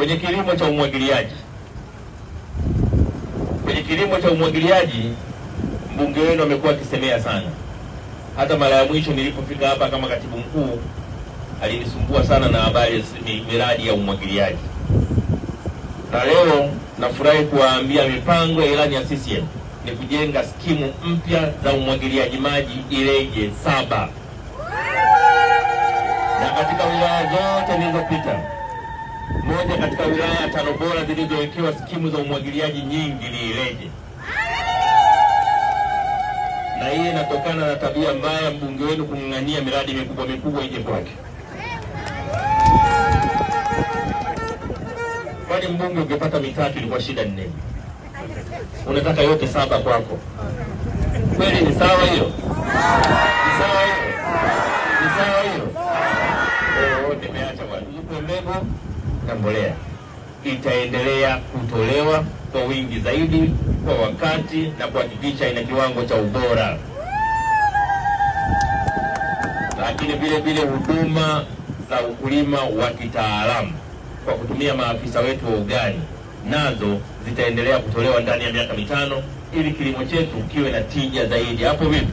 kwenye kilimo cha umwagiliaji. Kwenye kilimo cha umwagiliaji mbunge wenu amekuwa akisemea sana. Hata mara ya mwisho nilipofika hapa kama katibu mkuu alinisumbua sana na habari miradi ya umwagiliaji, na leo nafurahi kuwaambia mipango ya ilani ya CCM ni kujenga skimu mpya za umwagiliaji maji Ileje saba na katika wilaya zote nilizopita moja katika wilaya ya tano bora zilizowekewa skimu za umwagiliaji nyingi ni Ileje, na hii inatokana na tabia mbaya mbunge wenu kung'ang'ania miradi mikubwa mikubwa ije kwake. Kwani mbunge ungepata mitatu ilikuwa shida nne, unataka yote saba kwako? Kweli ni sawa hiyo? Ni sawa hiyo? Ni sawa hiyo? Nimeacha bwana, mbegu na mbolea itaendelea kutolewa kwa wingi zaidi, kwa wakati na kuhakikisha ina kiwango cha ubora. Lakini vile vile huduma za ukulima wa kitaalamu kwa kutumia maafisa wetu wa ugani nazo zitaendelea kutolewa ndani ya miaka mitano ili kilimo chetu kiwe na tija zaidi. Hapo vipi?